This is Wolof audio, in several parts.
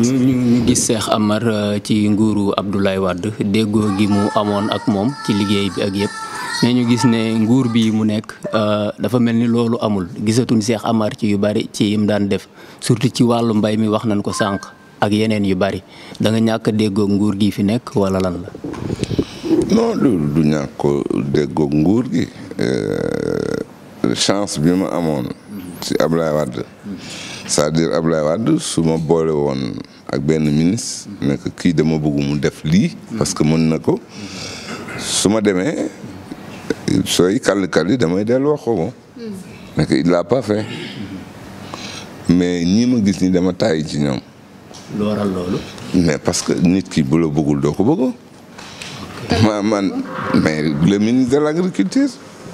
ñu gis seex Amar euh, ci nguuru Abdoulaye Wade déggoo gi mu amoon ak moom ci liggéey bi ak yëpp mais ñu gis ne nguur bi mu nekk euh, dafa mel ni loolu amul gisatuñ Cheikh Amar ci yu bari ci yim daan def surtout ci wàllu mbay mi wax nañ ko sànq ak yeneen yu bari da nga ñàkk a nguur gi fi nekk wala lan la. non du ñàkk déggoo nguur gi euh, chance bi ma amoon. ci Abdoulaye Wade. Mm-hmm. c'est-à-dire Abdoulaye Wade su ma boole woon ak benn ministre ne ko kii dama bëgg mu def lii parce que mën na ko su ma demee sooy kàll-kàll yi damay dellu wax ko ko ne ko il dama tàyyi ci ñoom lu mais parce que nit ki bu la bëggul doo ko bëgg ma man mais le ministre de l'agriculture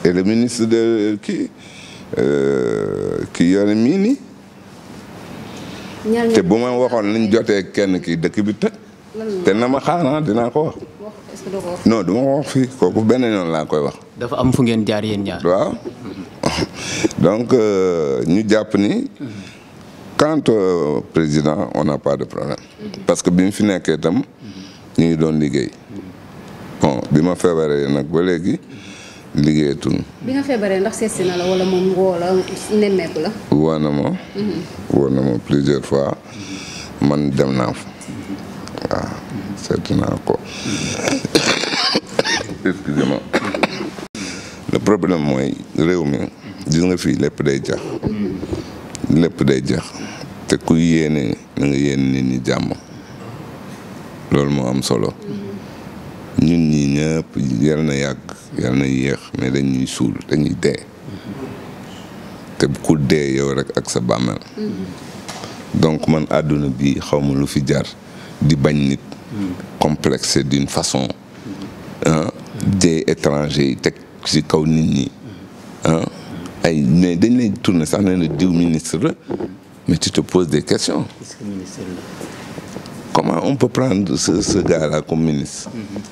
et le ministre de kii euh, kii yoone mii te bu ma waxoon nañ jotee kenn kii dëkk bi tëj. te na ma xaanaa dinaa ko wax. non du ma ko wax fii kooku benn yoon laa koy wax. dafa am fu ngeen jaar yéen ñaar. waaw donc euh, ñu jàpp ni. quant euh, président on n'a pas de problème. parce que bi mu fi nekkee itam. ñu ngi doon liggéey. bon bi ma feebaree nag ba léegi. liggéeyatuñ. bi nga feebaree ndax seetsi na la wala moom woo la nemmeeku la. woo na ma. Mhm. woo na ma plusieurs fois man dem naa fa waaw seet naa ko. excusez problème mooy réew mi gis nga fii lépp day jax mhm. lépp day jax te ku yéene na nga yéene nit ñi jàmm loolu moo am solo mhm. ñun ñi ñëpp yal na yàgg. yàlla na yéex mais dañuy suul dañuy dee te ku dee yow rek ak sa bàmmeel donc man àdduna bi xaw ma lu fi jar di bañ nit complexe d'une façon ah des étrangers yi teg ci kaw nit ñi ay mais dañ lay tourner sax ne la diw ministre la mais tu te poses des questions comment on peut prendre ce, ce gars ministre mm-hmm.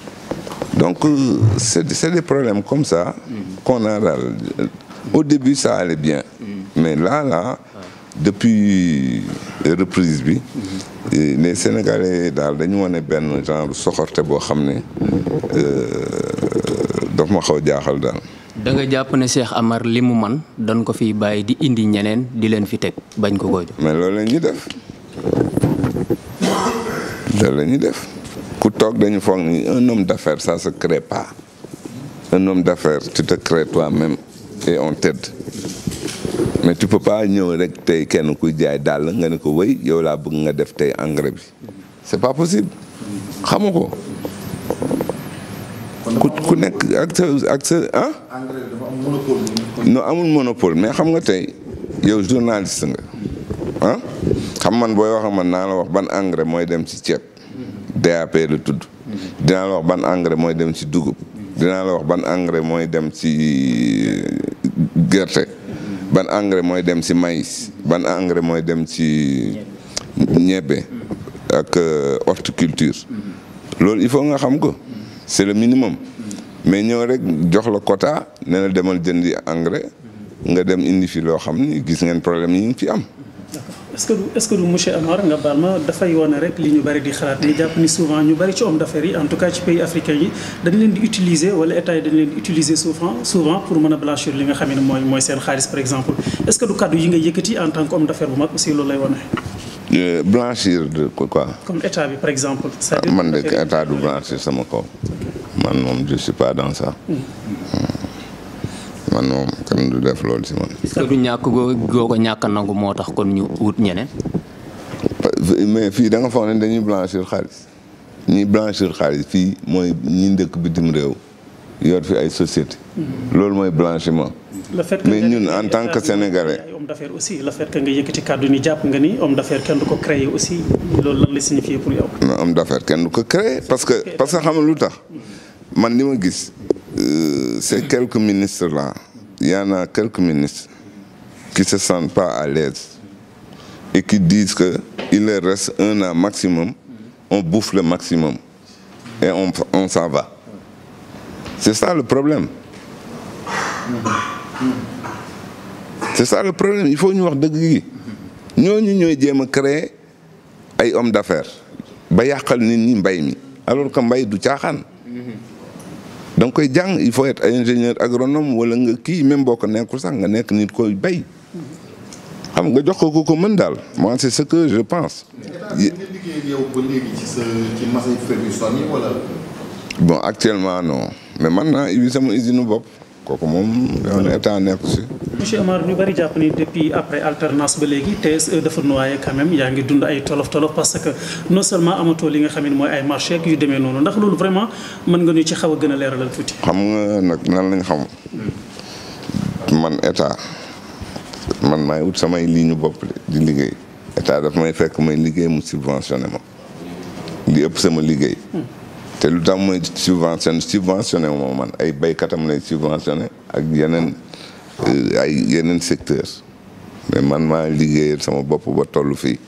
Donc, euh, c'est des problèmes comme ça qu'on a. Là. Au début, ça allait bien. Mais là, là, depuis reprise bi les sénégalais daal dañu wane benn genre soxorte boo xam ne euh, daf ma xaw jaaxal daal. da nga jàpp ne Cheikh Amar li mu man dan ko fiy bàyyi di indi ñeneen di leen fi teg bañ ko ko mais loolu la ñuy def loolu la def. toog dañu foog ni un homme d'affaires ça se crée pas un homme d'affaires tu te crées toi-même et on t'aide mais tu peux pas ñëw rek tey kenn kuy jaay dàll nga ne ko wéy yow laa bëgg nga def tey engrais bi c'est pas possible xamu ko ku nekk ak sa ak sa ah? amul monopole mais xam nga tey yow journaliste nga ah xam man booy wax man naa la wax ban engrais mooy dem ci ceeb DAP lu tudd. dinaa la wax ban engrais mooy dem si dugub. dinaa la wax ban engrais mooy dem si euh, gerte. ban engrais mooy dem si maïs. ban engrais mooy dem si ñebbe. ak euh, horticulture. loolu il faut nga xam ko. c'est le minimum. mais ñëw rek jox la quota ne la demal jëndi engrais. nga dem indi fi loo xam ni gis ngeen problème yi ngi fi am. est-ce que du est-ce que du monsieur Amar nga baal ma dafay wane rek li ñu bari di xalaat ni jàpp ni souvent ñu bari ci homme d'affaires yi en tout cas ci pays africains yi dañ leen di utiliser wala état yi dañ leen di utiliser souvent souvent pour mën a blanchir li nga xam mooy mooy seen xaalis par exemple est-ce que du kàddu yi nga yëkkati en tant que homme d'affaires bu mag aussi loolu lay wane. Euh, blanchir de quoi. comme état bi par exemple. c'est-à-dire ah, man de état du blanchir sama man moom kenn du def loolu si man. est-ce que ko ñàkk nangu moo tax kon ñu wut ñeneen. mais fii da nga foog ne dañuy blanchir xaalis ñuy blanchir xaalis fii mooy ñi ndëkk bitim réew yor fi ay société mm-hmm. loolu mooy blanchiment. mais ñun en tant que sénégalais. homme d'affaires aussi le fait que nga kàddu ni jàpp nga ni homme d'affaires kenn ko créer aussi loolu lan la signifier pour yow. mais homme d'affaires kenn du parce que parce que xam lu tax mm-hmm. man li ma gis. euh, ces quelques ministres-là, il a quelques ministres qui ne se sentent pas à l'aise et qui disent qu'il leur reste un an maximum, on bouffe le maximum et on, on s'en va. C'est ça le problème. C'est ça il faut ñu wax dëgg gi ñooñu ñooy jéem a créer ay hommes d'affaires ba yàqal nit mbay mi alors que mbay du caaxaan. da nga koy il faut être ingénieur agronome wala nga kii même boo ko nekkul sax nga nekk nit koy bay xam nga jox ko ko mën daal moi c'est ce que je pense. bon actuellement no mais man naa ibi sama usine bopp. kooku moom yoon état nekku si. monsieur Amar ñu bari jàpp ni depuis après alternance ba léegi te dafa noyé quand même yaa ngi dund ay tolof tolof parce que non seulement amatoo li nga xam ne mooy ay marché yu demee noonu ndax loolu vraiment mën nga ñu ci xaw a gën a leeralal tuuti. xam nga nag nan lañ xam. man état man maay wut samay lii ñu bopp di liggéey état daf may fekk may liggéey mu subventionné ma. di ëpp sama liggéey. Hmm. te lu tax mooy subventionné subventionné wu man ay baykatam lay subventionné ak yeneen euh, ay yeneen secteurs mais man maa liggéeyal sama bopp ba toll fii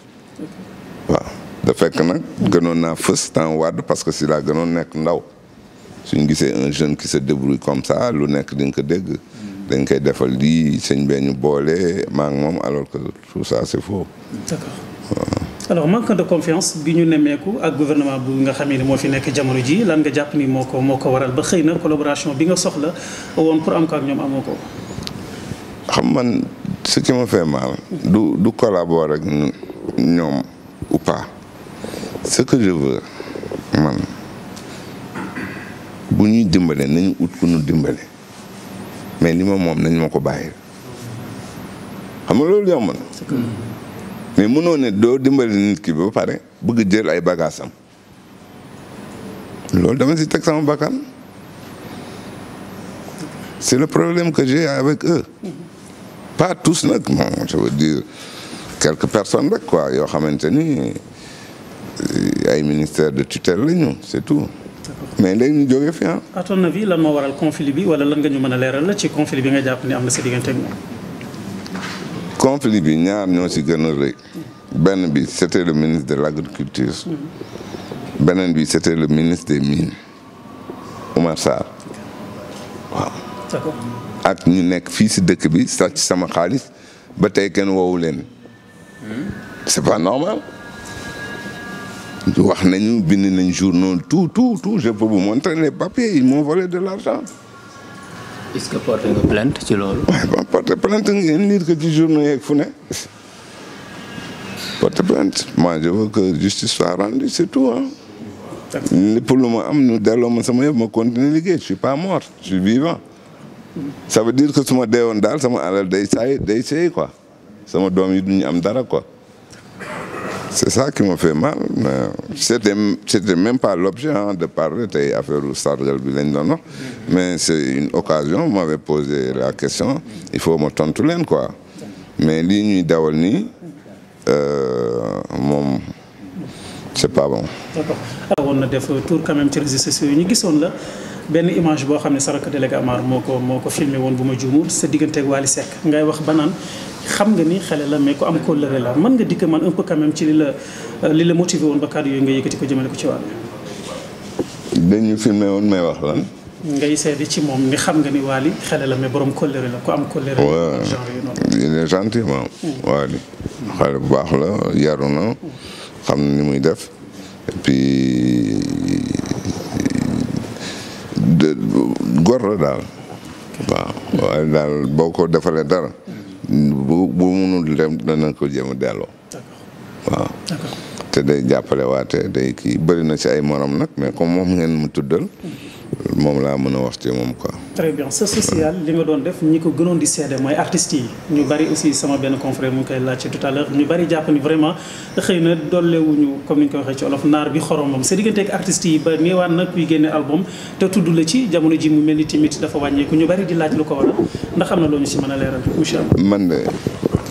waaw da fekk nag gënoon naa fës temps wàdd parce que si laa gënoon nekk ndaw suñ gisee un jeune ki se débrouille comme ça lu nekk di nga ko dégg dañ koy defal lii sëñ bee boole maa ngi moom alors que tout ça c'est faux. alors manque de confiance bi ñu nemmeeku ak gouvernement bu nga xamee ne moo fi nekk jamono ji lan nga jàpp ni moo ko moo ko waral ba xëy na collaboration bi nga soxla woon pour am ko ak ñoom amoo ko. xam man ce qui me fait mal. du du collaborer ak ñoom ou pas. ce que je veux man bu ñuy dimbale nañu ut ku ñu dimbale mais li ma moom nañ ma ko bàyyi xam nga loolu yomb na. mais mënoo ne doo dimbali nit ki ba pare bëgg jël ay bagages am loolu dama si teg sama bakkan c'est le problème que j'ai avec eux pas tous nag ma je veux dire quelques personnes rek quoi yoo xamante ni euh, ay ministère de tutelle la ñu c'est tout mais léegi ñu jógee fi ah. lan moo waral conflit bi wala lan nga ñu mën a leeral la ci conflit bi nga jàpp ni am na sa diggante ak conflit bi ñaar ñoo si gën a rëy benn bi c'était le ministre de l'agriculture beneen bi c'était le ministre des mines Oumar Sarr ak ñu nekk fii si dëkk bi sa sàcc sama xaalis ba tey kenn wow leen c'est pas normal wax nañu bind nañ journaux tout tout tout je peux vous montrer les papiers ils m'ont volé de l'argent est-ce que porté porté plainte ngeen lire que ci journaux yeeg fu ne porté plainte moi je veux que justice soit rendue c'est tout lu ma am nu delloo ma sama yëpp ma continuer liggéey je suis pas mort je suis vivant ça veut dire que su ma deewoon daal sama alal day saay day seey quoi sama doom yi duñu am dara quoi c'est ça qui me fait mal c'était c'était même pas l'objet de parler tey affaire u bi lañ doon mais c'est une occasion vous m'avez posé la question il faut ma tontu leen quoi mais lii ñuy dawal nii euh, moom c'est pas bon. d'accord alors woon na def tour quand ci réseaux sociaux yi ñu gisoon la benn image boo xam ne Saraka délégué Amar moo ko moo ko filmé woon bu ma juumul sa digganteeg Wally ngay wax banaan xam nga ni xale la mais ku am kóllëre la mën nga dikk man un peu quand ci li la euh, li la motivé woon ba kàddu yooyu nga yëkkati ko jëmale ko ci wàll. woon may wax lan. ngay seede ci moom xam nga ni Wally xale la mais borom kóllëre la ku am kóllëre. Mm. waaw bu baax la yaru na xam ni muy def et la daal. waaw waaye daal boo ko defalee dara. bu bu munul dem danañ ko jéem a delloo. waaw. te day jàppale waate day kii bëri na ci ay morom nag mais ko moom ngeen mu tuddal. Mm-hmm. moom laa mën a wax ci moom quoi. très bien sa social li nga doon def ñi ko gënoon di seede mooy artistes yi ñu bari aussi sama benn confrère mu ngi koy laaj ci tout à l'heure ñu bari jàpp ni vraiment xëy na dollewuñu comme ni ñu ko waxee ci olof naar bi xoromam sa diggante ak artistes yi ba néewaan na kuy génne album te tudd la ci jamono ji mu mel ni tamit dafa wàññeeku ñu bari di laaj lu ko waral ndax am na loo ñu si mën a leeral incha allah. man de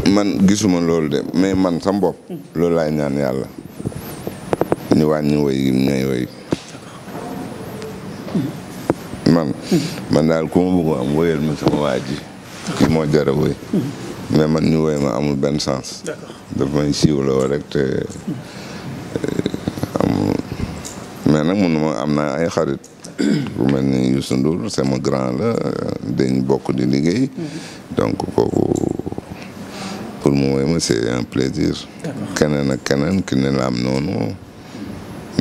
man gisuma loolu de mais man sam bopp. Mm. loolu laay ñaan yàlla. ñu wàññi woy man man daal ku ma am woyal ma sama waa ji kii moo jara woy mais man ñu woy ma amul benn sens daf may siiwloo rek te eh, am mais nag mënu ma am naa ay xarit bu mel ni Youssou Ndour grand la dañ bokk di liggéey donc kooku pour mu woy ma c'est un plaisir keneen ak keneen ki ne la noonu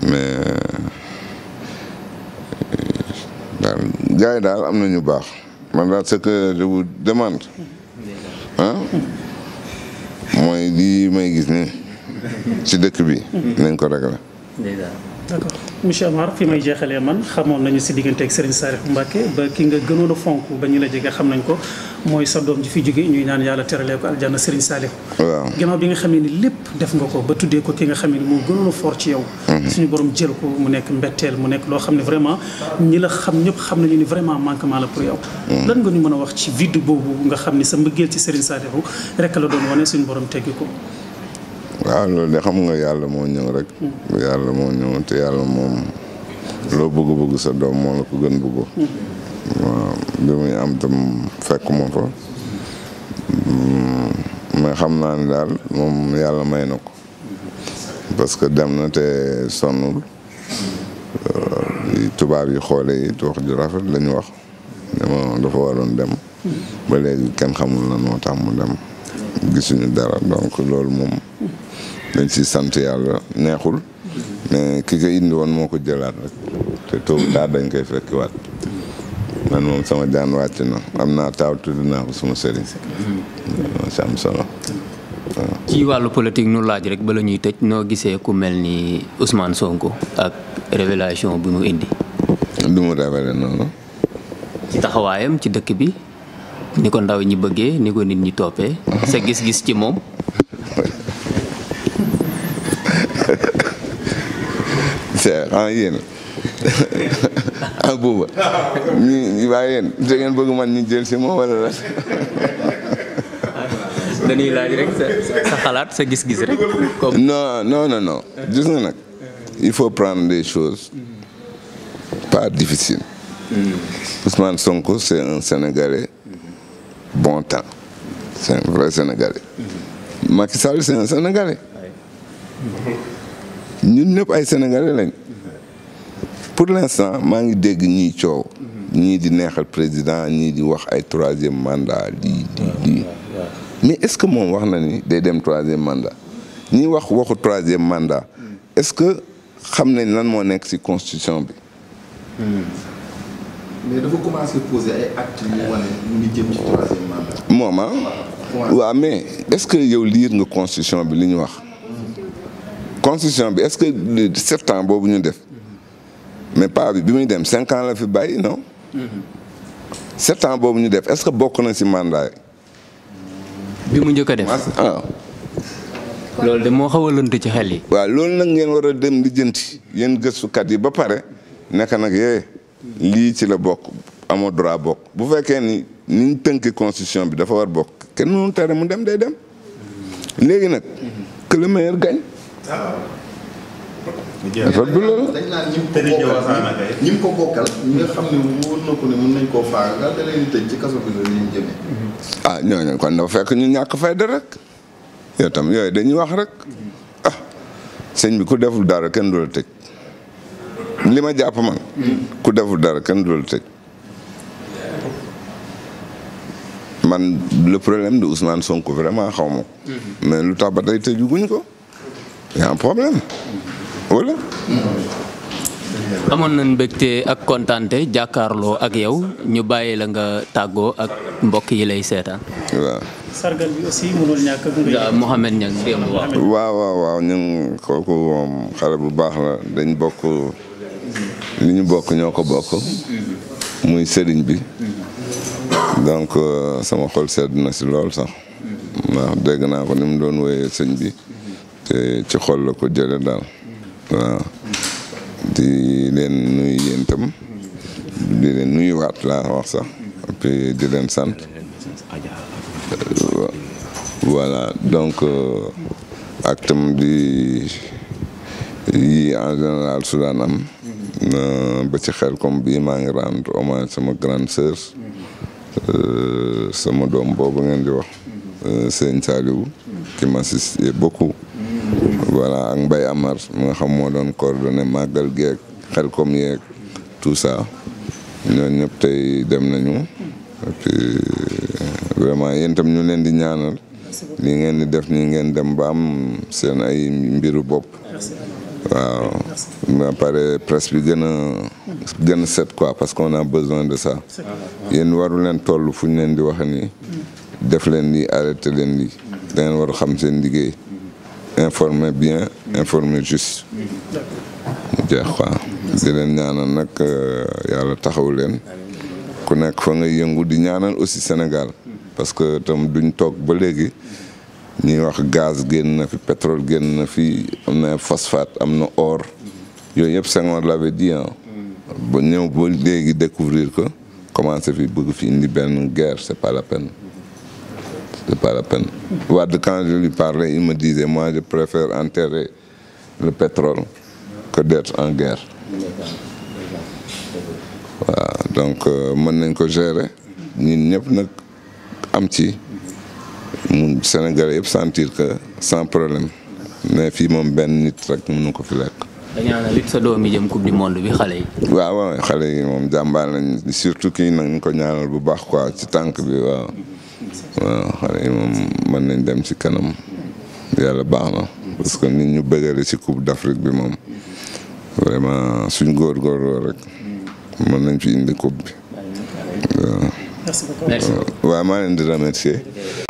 mais gars yi daal am na ñu baax man daal que je vous demande ah mooy lii may gis ni ci dëkk bi nañ ko régler d'accord monsieur Amar fi may jeexalee man xamoon nañu si diggante ak Serigne Salif Mbacké ba ki nga gënoon a fonk ba ñu la jege xam nañ ko mooy sa doom ji fi jóge ñuy naan yàlla teralee ko aljanna Serigne Salif waaw gannaaw bi nga xamee ni lépp def nga ko ba tuddee ko ki nga xam ni moo gënoon a fort ci yow mhm. suñu borom jël ko mu nekk mbetteel mu nekk loo xam ne vraiment ñi la xam ñëpp xam nañu ni vraiment manquement la pour yow mhm. lan nga ñu mën a wax ci vide boobu nga xam ni sa mbëggeel ci Serigne Salif rek la doon wane suñu borom teggi ko waaw loolu de xam nga yàlla moo ñëw rek. yàlla moo ñëw te yàlla moom loo bëgg bëgg sa doom moo la ko gën bëgg. waaw bi muy am tam fekk ma fa. Mm, mais xam naan ne daal moom yàlla may na ko. parce que dem na te sonnul. tubaab yi xoole yi wax ju lañu wax. dama dafa waroon dem. ba léegi kenn xamul lan moo tax mu dem. gisuñu dara donc loolu moom. dañ si neexul mais ki ko indi woon moo ko jëlaat rek te toobu daal dañ koy fekkiwaat man moom sama jaan wàcc na am naa taaw tudd naa ko suma sëriñ moo solo ci wàllu politique nu laaj rek bala ñuy tëj noo gisee ku mel ni usmaan Sonko ak révélation bi mu indi du mu révélé noonu ci taxawaayam ci dëkk bi ni ko ndaw ñi bëggee ni ko nit ñi toppee sa gis-gis ci moom c'est ah yéen ah booba ñu waaye yéen da ngeen bëgg man ñu jël si moom wala la. dañuy laaj rek sa xalaat sa gis-gis rek. non non non non gis nga nag il faut prendre des choses pas difficiles. Mm. Ousmane Sonko c'est un bon temps c'est un vrai Sénégalais. Mm. Macky Sall c'est ñun ñëpp ay sénégalais lañ pour l'instant maa ngi dégg ñii coow. ñii di neexal président ñii di wax ay troisième mandat lii lii mais est-ce que moom wax na ni day dem troisième mandat ñii wax waxu troisième mandat est-ce que xam nañ lan moo nekk ci constitution bi. Hmm. moom ah. waaw mais est-ce que yow liir nga constitution bi li ñu wax. constitution bi est-ce que sept ans boobu ñu def mais pas bi bi muy dem cinq la fi bàyyi non sept boobu ñu def est-ce que bokk na si mandat yi bi mu njëkk a def waaw ah. loolu de moo xaw a lënt ci xel yi waa loolu nag ngeen war a dem di jënti yéen gëstukat yi ba pare nekk nag yee eh, lii ci la bokk amoo droit bokk bu fekkee ni ni ñu tënk constitution bi dafa war bokk kenn mënu tere mu dem day dem léegi nag que le rëbb ah. la dañ ko bokkal nga xam ne mën nañ koo faagaal da leen tëj ci kaso bi la leen jëme ah ñooñu kon dafa fekk ñu ñàkk fayda rek yow tam yooyu dañuy wax rek ah sëñ bi ku deful dara kenn du la tëj li ma jàpp man ku deful dara kenn du la tëj man le problème de Ousmane Sonko vraiment xaw ma mm-hmm. mais lu tax ba tey tëjuguñ ko y a un problème wala. amoon nañ mbégte ak kontaante jàkkaarloo ak yow ñu bàyyi la nga tàggoo ak mbokk yi lay seetaan. waaw. sargal bi waaw waaw ñun kooku moom xale bu baax la dañ bokk li ñu bokk ñoo ko bokk. muy sëriñ bi. donc euh, sama xol sedd na si lool sax. ndax dégg naa ko ni mu doon woyee sëñ bi. ci xol la ko jële daal waaw di leen nuyu yéen di leen nuyuwaat laa wax sax et di leen sant voilà donc euh, ak tam di yi en général su daan am euh, ba ci xel comme bii maa ngi rendre hommage sama grande sœur euh, sama doom boobu ngeen di wax Sëñ Saliou qui m'assiste beaucoup voilà ak Mbaye Amar mu nga xam moo doon coordonné màggal geeg xel comme yeeg tout ça ñooñu ñëpp tey dem nañu. et euh, vraiment yéen itam ñu leen di ñaanal. li ngeen di def nii ngeen dem ba seen ay mbiru bopp. waaw ba pare presse bi gën a. gën a set quoi parce qu'on a besoin de ça. yéen waru leen toll fu ñu leen di wax nii. def leen lii arrêté leen lii. da ngeen war xam seen liggéey. informer bien informer juste mu jeex quoi di leen ñaanal nag euh, yàlla taxaw leen ku nekk fa nga yëngu di ñaanal aussi Sénégal parce que tam duñ toog ba léegi ñuy wax gaz génn na fi pétrole génn na fi am na phosphate am na or yooyu yëpp Senghor l'avait dit ba ñëw ba léegi découvrir ko commencé fi bëgg fi indi benn guerre c'est pas la peine c'est pas la peine. Wade, quand je lui parlais, il me disait, moi je préfère enterrer le pétrole que d'être en guerre. donc euh, mën nañ ko gérer ñun ñëpp nag am ci mu Sénégal yëpp sentir que sans problème mais fii moom benn nit rek mënu ko fi lekk. yi jëm coupe du monde bi xale yi. waaw waaw xale yi moom jàmbaar lañ surtout kii nañ ko ñaanal bu baax quoi ci tànk bi waaw. waaw xale yi moom mën nañ dem ci kanam yàlla baax na parce que nit ñu bëggale si coupe d'Afrique bi moom vraiment suñ góorgóorloo rek mën nañ fi indi coupe bi waaw maa leen di remercier